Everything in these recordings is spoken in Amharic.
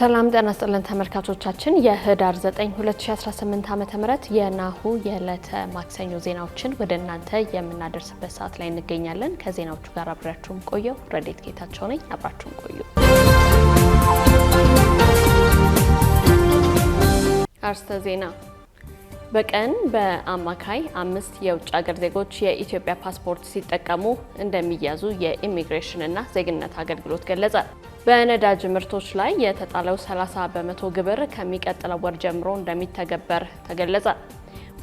ሰላም ጤና ይስጥልን ተመልካቾቻችን፣ የህዳር 9 2018 ዓ ም የናሁ የዕለተ ማክሰኞ ዜናዎችን ወደ እናንተ የምናደርስበት ሰዓት ላይ እንገኛለን። ከዜናዎቹ ጋር አብሬያችሁም ቆየው ረዴት ጌታቸው ነኝ። አብራችሁም ቆዩ። አርስተ ዜና በቀን በአማካይ አምስት የውጭ ሀገር ዜጎች የኢትዮጵያ ፓስፖርት ሲጠቀሙ እንደሚያዙ የኢሚግሬሽንና ዜግነት አገልግሎት ገለጸ። በነዳጅ ምርቶች ላይ የተጣለው 30 በመቶ ግብር ከሚቀጥለው ወር ጀምሮ እንደሚተገበር ተገለጸ።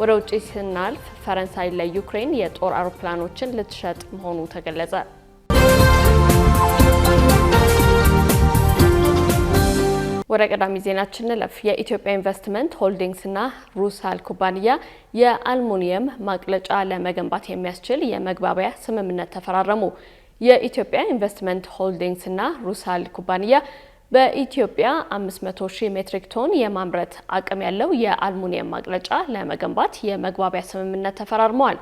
ወደ ውጭ ስናልፍ ፈረንሳይ ለዩክሬን የጦር አውሮፕላኖችን ልትሸጥ መሆኑ ተገለጸ። ወደ ቀዳሚ ዜናችን እንለፍ። የኢትዮጵያ ኢንቨስትመንት ሆልዲንግስና ሩሳል ኩባንያ የአልሙኒየም ማቅለጫ ለመገንባት የሚያስችል የመግባቢያ ስምምነት ተፈራረሙ። የኢትዮጵያ ኢንቨስትመንት ሆልዲንግስና ሩሳል ኩባንያ በኢትዮጵያ 500 ሺህ ሜትሪክ ቶን የማምረት አቅም ያለው የአልሙኒየም ማቅለጫ ለመገንባት የመግባቢያ ስምምነት ተፈራርመዋል።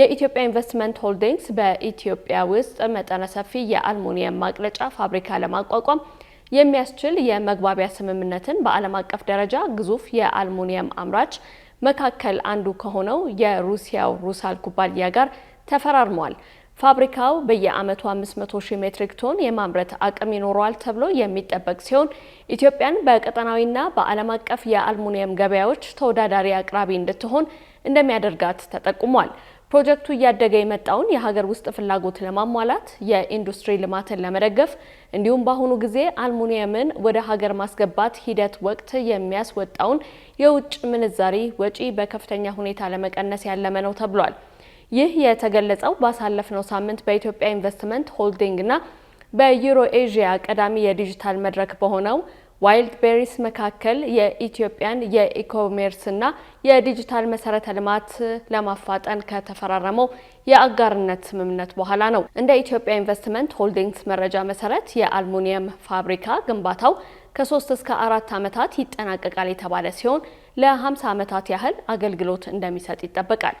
የኢትዮጵያ ኢንቨስትመንት ሆልዲንግስ በኢትዮጵያ ውስጥ መጠነ ሰፊ የአልሙኒየም ማቅለጫ ፋብሪካ ለማቋቋም የሚያስችል የመግባቢያ ስምምነትን በዓለም አቀፍ ደረጃ ግዙፍ የአልሙኒየም አምራች መካከል አንዱ ከሆነው የሩሲያው ሩሳል ኩባንያ ጋር ተፈራርሟል። ፋብሪካው በየዓመቱ 500 ሺህ ሜትሪክ ቶን የማምረት አቅም ይኖረዋል ተብሎ የሚጠበቅ ሲሆን ኢትዮጵያን በቀጠናዊና በዓለም አቀፍ የአልሙኒየም ገበያዎች ተወዳዳሪ አቅራቢ እንድትሆን እንደሚያደርጋት ተጠቁሟል። ፕሮጀክቱ እያደገ የመጣውን የሀገር ውስጥ ፍላጎት ለማሟላት የኢንዱስትሪ ልማትን ለመደገፍ እንዲሁም በአሁኑ ጊዜ አልሙኒየምን ወደ ሀገር ማስገባት ሂደት ወቅት የሚያስወጣውን የውጭ ምንዛሪ ወጪ በከፍተኛ ሁኔታ ለመቀነስ ያለመ ነው ተብሏል። ይህ የተገለጸው ባሳለፍነው ሳምንት በኢትዮጵያ ኢንቨስትመንት ሆልዲንግና በዩሮ ኤዥያ ቀዳሚ የዲጂታል መድረክ በሆነው ዋይልድ ቤሪስ መካከል የኢትዮጵያን የኢኮሜርስና የዲጂታል መሰረተ ልማት ለማፋጠን ከተፈራረመው የአጋርነት ስምምነት በኋላ ነው። እንደ ኢትዮጵያ ኢንቨስትመንት ሆልዲንግስ መረጃ መሰረት የአልሙኒየም ፋብሪካ ግንባታው ከሶስት እስከ አራት ዓመታት ይጠናቀቃል የተባለ ሲሆን ለ50 ዓመታት ያህል አገልግሎት እንደሚሰጥ ይጠበቃል።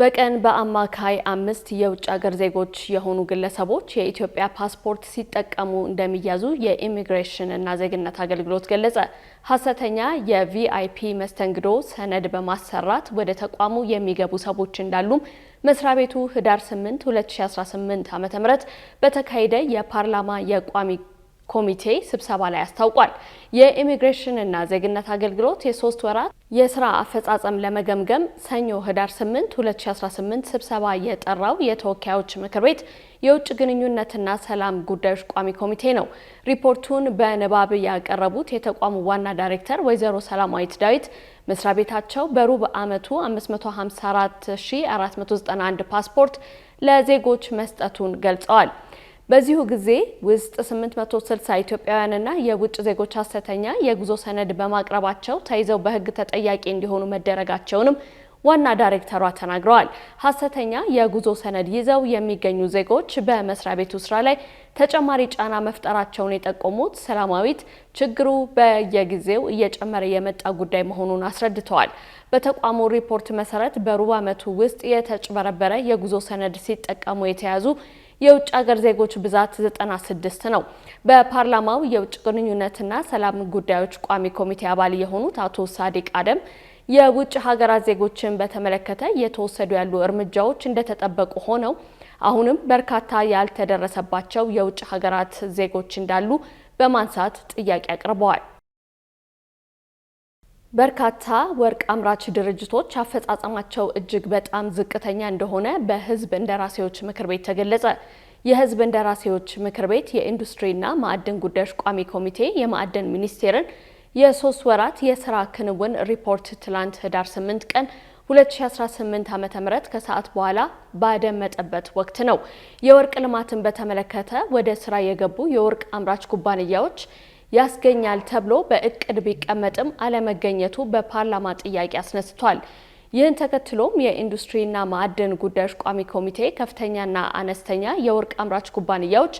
በቀን በአማካይ አምስት የውጭ ሀገር ዜጎች የሆኑ ግለሰቦች የኢትዮጵያ ፓስፖርት ሲጠቀሙ እንደሚያዙ የኢሚግሬሽን እና ዜግነት አገልግሎት ገለጸ። ሀሰተኛ የቪአይፒ መስተንግዶ ሰነድ በማሰራት ወደ ተቋሙ የሚገቡ ሰዎች እንዳሉም መስሪያ ቤቱ ህዳር 8 2018 ዓ.ም በተካሄደ የፓርላማ የቋሚ ኮሚቴ ስብሰባ ላይ አስታውቋል። የኢሚግሬሽንና ዜግነት አገልግሎት የሶስት ወራት የስራ አፈጻጸም ለመገምገም ሰኞ ህዳር 8 2018 ስብሰባ የጠራው የተወካዮች ምክር ቤት የውጭ ግንኙነትና ሰላም ጉዳዮች ቋሚ ኮሚቴ ነው። ሪፖርቱን በንባብ ያቀረቡት የተቋሙ ዋና ዳይሬክተር ወይዘሮ ሰላማዊት ዳዊት መስሪያ ቤታቸው በሩብ ዓመቱ 554491 ፓስፖርት ለዜጎች መስጠቱን ገልጸዋል። በዚሁ ጊዜ ውስጥ 860 ኢትዮጵያውያንና የውጭ ዜጎች ሐሰተኛ የጉዞ ሰነድ በማቅረባቸው ተይዘው በሕግ ተጠያቂ እንዲሆኑ መደረጋቸውንም ዋና ዳይሬክተሯ ተናግረዋል። ሐሰተኛ የጉዞ ሰነድ ይዘው የሚገኙ ዜጎች በመስሪያ ቤቱ ስራ ላይ ተጨማሪ ጫና መፍጠራቸውን የጠቆሙት ሰላማዊት ችግሩ በየጊዜው እየጨመረ የመጣ ጉዳይ መሆኑን አስረድተዋል። በተቋሙ ሪፖርት መሰረት በሩብ ዓመቱ ውስጥ የተጭበረበረ የጉዞ ሰነድ ሲጠቀሙ የተያዙ የውጭ ሀገር ዜጎች ብዛት 96 ነው። በፓርላማው የውጭ ግንኙነትና ሰላም ጉዳዮች ቋሚ ኮሚቴ አባል የሆኑት አቶ ሳዲቅ አደም የውጭ ሀገራት ዜጎችን በተመለከተ እየተወሰዱ ያሉ እርምጃዎች እንደተጠበቁ ሆነው አሁንም በርካታ ያልተደረሰባቸው የውጭ ሀገራት ዜጎች እንዳሉ በማንሳት ጥያቄ አቅርበዋል። በርካታ ወርቅ አምራች ድርጅቶች አፈጻጸማቸው እጅግ በጣም ዝቅተኛ እንደሆነ በህዝብ እንደራሴዎች ምክር ቤት ተገለጸ። የህዝብ እንደራሴዎች ምክር ቤት የኢንዱስትሪና ማዕድን ጉዳዮች ቋሚ ኮሚቴ የማዕድን ሚኒስቴርን የሶስት ወራት የስራ ክንውን ሪፖርት ትላንት ህዳር 8 ቀን 2018 ዓ ም ከሰዓት በኋላ ባደመጠበት ወቅት ነው። የወርቅ ልማትን በተመለከተ ወደ ስራ የገቡ የወርቅ አምራች ኩባንያዎች ያስገኛል ተብሎ በእቅድ ቢቀመጥም አለመገኘቱ በፓርላማ ጥያቄ አስነስቷል። ይህን ተከትሎም የኢንዱስትሪና ማዕድን ጉዳዮች ቋሚ ኮሚቴ ከፍተኛና አነስተኛ የወርቅ አምራች ኩባንያዎች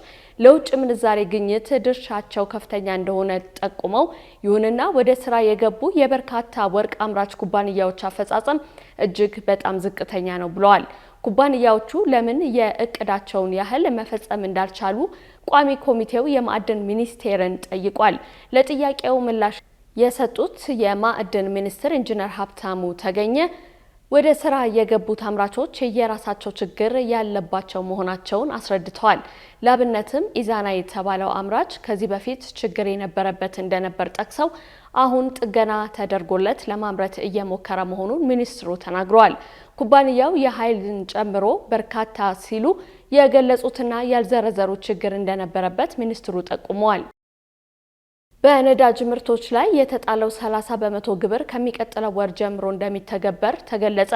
ለውጭ ምንዛሬ ግኝት ድርሻቸው ከፍተኛ እንደሆነ ጠቁመው፣ ይሁንና ወደ ስራ የገቡ የበርካታ ወርቅ አምራች ኩባንያዎች አፈጻጸም እጅግ በጣም ዝቅተኛ ነው ብለዋል። ኩባንያዎቹ ለምን የእቅዳቸውን ያህል መፈጸም እንዳልቻሉ ቋሚ ኮሚቴው የማዕድን ሚኒስቴርን ጠይቋል። ለጥያቄው ምላሽ የሰጡት የማዕድን ሚኒስትር ኢንጂነር ሀብታሙ ተገኘ ወደ ስራ የገቡት አምራቾች የራሳቸው ችግር ያለባቸው መሆናቸውን አስረድተዋል። ለአብነትም ኢዛና የተባለው አምራች ከዚህ በፊት ችግር የነበረበት እንደነበር ጠቅሰው አሁን ጥገና ተደርጎለት ለማምረት እየሞከረ መሆኑን ሚኒስትሩ ተናግረዋል። ኩባንያው የኃይልን ጨምሮ በርካታ ሲሉ የገለጹትና ያልዘረዘሩት ችግር እንደነበረበት ሚኒስትሩ ጠቁመዋል። በነዳጅ ምርቶች ላይ የተጣለው 30 በመቶ ግብር ከሚቀጥለው ወር ጀምሮ እንደሚተገበር ተገለጸ።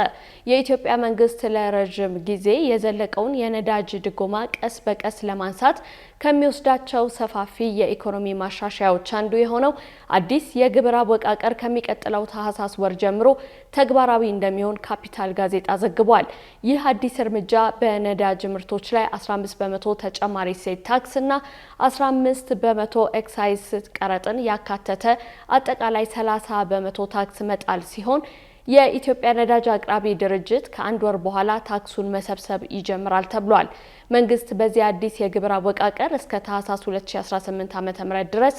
የኢትዮጵያ መንግስት ለረዥም ጊዜ የዘለቀውን የነዳጅ ድጎማ ቀስ በቀስ ለማንሳት ከሚወስዳቸው ሰፋፊ የኢኮኖሚ ማሻሻያዎች አንዱ የሆነው አዲስ የግብር አወቃቀር ከሚቀጥለው ታህሳስ ወር ጀምሮ ተግባራዊ እንደሚሆን ካፒታል ጋዜጣ ዘግቧል። ይህ አዲስ እርምጃ በነዳጅ ምርቶች ላይ 15 በመቶ ተጨማሪ ሴት ታክስ እና 15 በመቶ ኤክሳይዝ ቀረጥን ያካተተ አጠቃላይ 30 በመቶ ታክስ መጣል ሲሆን የኢትዮጵያ ነዳጅ አቅራቢ ድርጅት ከአንድ ወር በኋላ ታክሱን መሰብሰብ ይጀምራል ተብሏል። መንግስት በዚህ አዲስ የግብር አወቃቀር እስከ ታህሳስ 2018 ዓ.ም ድረስ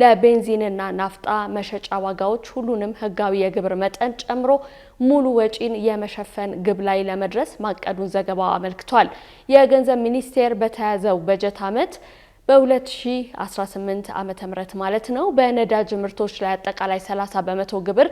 ለቤንዚንና ናፍጣ መሸጫ ዋጋዎች ሁሉንም ህጋዊ የግብር መጠን ጨምሮ ሙሉ ወጪን የመሸፈን ግብ ላይ ለመድረስ ማቀዱን ዘገባው አመልክቷል። የገንዘብ ሚኒስቴር በተያዘው በጀት ዓመት በ2018 ዓ ም ማለት ነው በነዳጅ ምርቶች ላይ አጠቃላይ 30 በመቶ ግብር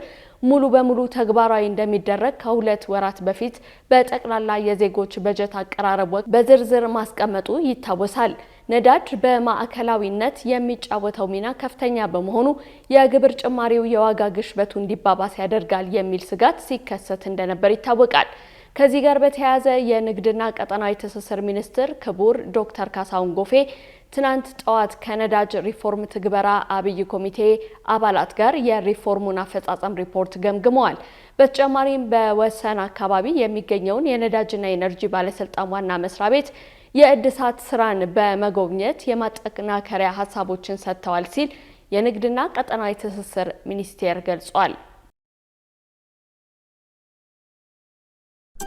ሙሉ በሙሉ ተግባራዊ እንደሚደረግ ከሁለት ወራት በፊት በጠቅላላ የዜጎች በጀት አቀራረብ ወቅት በዝርዝር ማስቀመጡ ይታወሳል። ነዳጅ በማዕከላዊነት የሚጫወተው ሚና ከፍተኛ በመሆኑ የግብር ጭማሪው የዋጋ ግሽበቱ እንዲባባስ ያደርጋል የሚል ስጋት ሲከሰት እንደነበር ይታወቃል። ከዚህ ጋር በተያያዘ የንግድና ቀጠናዊ ትስስር ሚኒስትር ክቡር ዶክተር ካሳሁን ጎፌ ትናንት ጠዋት ከነዳጅ ሪፎርም ትግበራ አብይ ኮሚቴ አባላት ጋር የሪፎርሙን አፈጻጸም ሪፖርት ገምግመዋል። በተጨማሪም በወሰን አካባቢ የሚገኘውን የነዳጅና ኤነርጂ ባለስልጣን ዋና መስሪያ ቤት የእድሳት ስራን በመጎብኘት የማጠናከሪያ ሀሳቦችን ሰጥተዋል ሲል የንግድና ቀጠናዊ ትስስር ሚኒስቴር ገልጿል።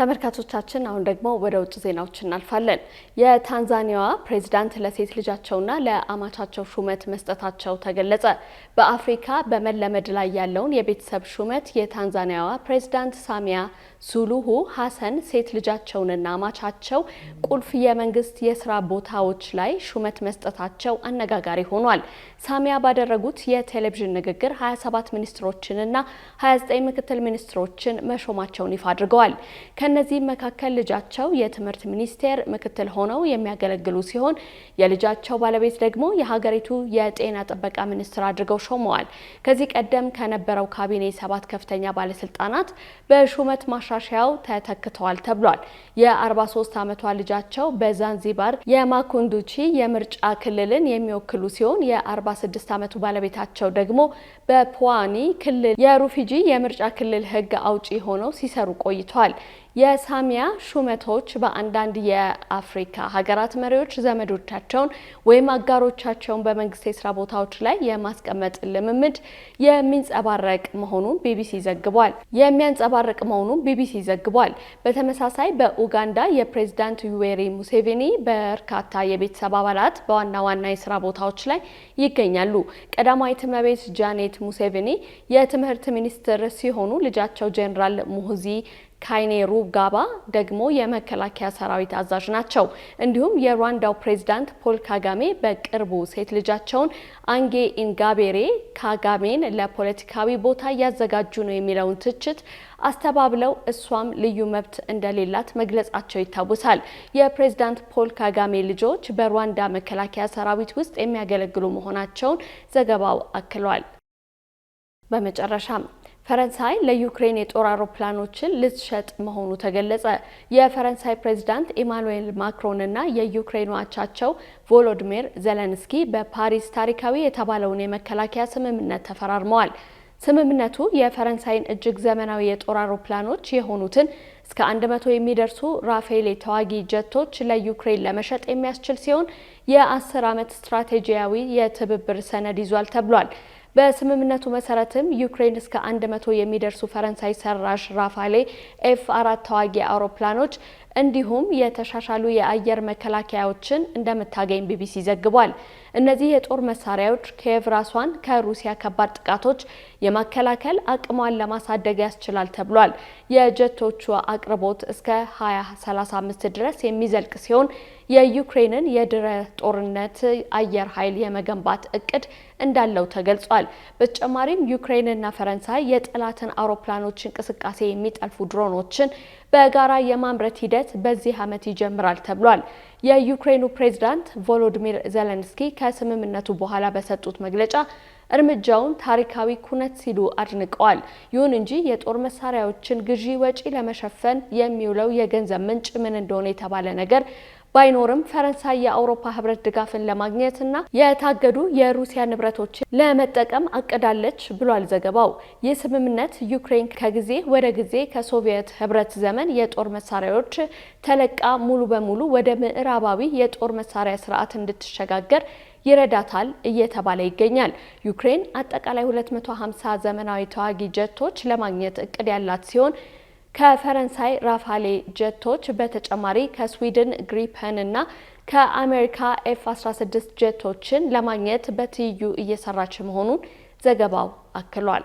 ተመልካቾቻችን አሁን ደግሞ ወደ ውጭ ዜናዎች እናልፋለን። የታንዛኒያዋ ፕሬዚዳንት ለሴት ልጃቸውና ለአማቻቸው ሹመት መስጠታቸው ተገለጸ። በአፍሪካ በመለመድ ላይ ያለውን የቤተሰብ ሹመት የታንዛኒያዋ ፕሬዚዳንት ሳሚያ ሱሉሁ ሀሰን ሴት ልጃቸውንና አማቻቸው ቁልፍ የመንግስት የስራ ቦታዎች ላይ ሹመት መስጠታቸው አነጋጋሪ ሆኗል። ሳሚያ ባደረጉት የቴሌቪዥን ንግግር 27 ሚኒስትሮችንና 29 ምክትል ሚኒስትሮችን መሾማቸውን ይፋ አድርገዋል። ከእነዚህም መካከል ልጃቸው የትምህርት ሚኒስቴር ምክትል ሆነው የሚያገለግሉ ሲሆን የልጃቸው ባለቤት ደግሞ የሀገሪቱ የጤና ጥበቃ ሚኒስትር አድርገው ሾመዋል። ከዚህ ቀደም ከነበረው ካቢኔ ሰባት ከፍተኛ ባለስልጣናት በሹመት ማሻሻያው ተተክተዋል ተብሏል። የ43 ዓመቷ ልጃቸው በዛንዚባር የማኩንዱቺ የምርጫ ክልልን የሚወክሉ ሲሆን የ46 ዓመቱ ባለቤታቸው ደግሞ በፖዋኒ ክልል የሩፊጂ የምርጫ ክልል ህግ አውጪ ሆነው ሲሰሩ ቆይተዋል። የሳሚያ ሹመቶች በአንዳንድ የአፍሪካ ሀገራት መሪዎች ዘመዶቻቸውን ወይም አጋሮቻቸውን በመንግስት የስራ ቦታዎች ላይ የማስቀመጥ ልምምድ የሚንጸባረቅ መሆኑን ቢቢሲ ዘግቧል የሚያንጸባረቅ መሆኑን ቢቢሲ ዘግቧል። በተመሳሳይ በኡጋንዳ የፕሬዝዳንት ዩዌሪ ሙሴቬኒ በርካታ የቤተሰብ አባላት በዋና ዋና የስራ ቦታዎች ላይ ይገኛሉ። ቀዳማዊት እመቤት ጃኔት ሙሴቬኒ የትምህርት ሚኒስትር ሲሆኑ ልጃቸው ጄኔራል ሙሁዚ ካይኔ ሩጋባ ደግሞ የመከላከያ ሰራዊት አዛዥ ናቸው። እንዲሁም የሩዋንዳው ፕሬዝዳንት ፖል ካጋሜ በቅርቡ ሴት ልጃቸውን አንጌ ኢንጋቤሬ ካጋሜን ለፖለቲካዊ ቦታ እያዘጋጁ ነው የሚለውን ትችት አስተባብለው እሷም ልዩ መብት እንደሌላት መግለጻቸው ይታወሳል። የፕሬዝዳንት ፖል ካጋሜ ልጆች በሩዋንዳ መከላከያ ሰራዊት ውስጥ የሚያገለግሉ መሆናቸውን ዘገባው አክሏል። በመጨረሻም ፈረንሳይ ለዩክሬን የጦር አውሮፕላኖችን ልትሸጥ መሆኑ ተገለጸ። የፈረንሳይ ፕሬዚዳንት ኢማኑኤል ማክሮን እና የዩክሬን አቻቸው ቮሎዲሚር ዘለንስኪ በፓሪስ ታሪካዊ የተባለውን የመከላከያ ስምምነት ተፈራርመዋል። ስምምነቱ የፈረንሳይን እጅግ ዘመናዊ የጦር አውሮፕላኖች የሆኑትን እስከ 100 የሚደርሱ ራፌሌ ተዋጊ ጀቶች ለዩክሬን ለመሸጥ የሚያስችል ሲሆን የ10 ዓመት ስትራቴጂያዊ የትብብር ሰነድ ይዟል ተብሏል። በስምምነቱ መሰረትም ዩክሬን እስከ 100 የሚደርሱ ፈረንሳይ ሰራሽ ራፋሌ ኤፍ አራት ተዋጊ አውሮፕላኖች እንዲሁም የተሻሻሉ የአየር መከላከያዎችን እንደምታገኝ ቢቢሲ ዘግቧል። እነዚህ የጦር መሳሪያዎች ኪየቭ ራሷን ከሩሲያ ከባድ ጥቃቶች የማከላከል አቅሟን ለማሳደግ ያስችላል ተብሏል። የጀቶቹ አቅርቦት እስከ 2035 ድረስ የሚዘልቅ ሲሆን የዩክሬንን የድረ ጦርነት አየር ኃይል የመገንባት እቅድ እንዳለው ተገልጿል። በተጨማሪም ዩክሬንና ፈረንሳይ የጠላትን አውሮፕላኖች እንቅስቃሴ የሚጠልፉ ድሮኖችን በጋራ የማምረት ሂደት በዚህ ዓመት ይጀምራል ተብሏል። የዩክሬኑ ፕሬዝዳንት ቮሎዲሚር ዜሌንስኪ ከስምምነቱ በኋላ በሰጡት መግለጫ እርምጃውን ታሪካዊ ኩነት ሲሉ አድንቀዋል። ይሁን እንጂ የጦር መሳሪያዎችን ግዢ ወጪ ለመሸፈን የሚውለው የገንዘብ ምንጭ ምን እንደሆነ የተባለ ነገር ባይኖርም ፈረንሳይ የአውሮፓ ህብረት ድጋፍን ለማግኘትና የታገዱ የሩሲያ ንብረቶችን ለመጠቀም አቅዳለች ብሏል ዘገባው። ይህ ስምምነት ዩክሬን ከጊዜ ወደ ጊዜ ከሶቪየት ህብረት ዘመን የጦር መሳሪያዎች ተለቃ ሙሉ በሙሉ ወደ ምዕራባዊ የጦር መሳሪያ ስርዓት እንድትሸጋገር ይረዳታል እየተባለ ይገኛል። ዩክሬን አጠቃላይ 250 ዘመናዊ ተዋጊ ጀቶች ለማግኘት እቅድ ያላት ሲሆን ከፈረንሳይ ራፋሌ ጀቶች በተጨማሪ ከስዊድን ግሪፐን እና ከአሜሪካ ኤፍ 16 ጀቶችን ለማግኘት በትይዩ እየሰራች መሆኑን ዘገባው አክሏል።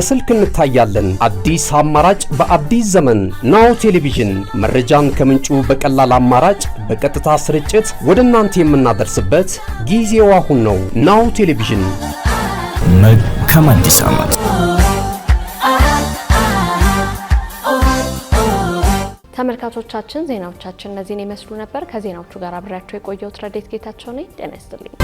በስልክ እንታያለን። አዲስ አማራጭ በአዲስ ዘመን ናሁ ቴሌቪዥን መረጃን ከምንጩ በቀላል አማራጭ በቀጥታ ስርጭት ወደ እናንተ የምናደርስበት ጊዜው አሁን ነው። ናሁ ቴሌቪዥን መልካም አዲስ ዓመት። ተመልካቾቻችን ዜናዎቻችን እነዚህን ይመስሉ ነበር። ከዜናዎቹ ጋር አብሬያቸው የቆየሁት ረዴት ጌታቸው ነኝ። ጤና ይስጥልኝ።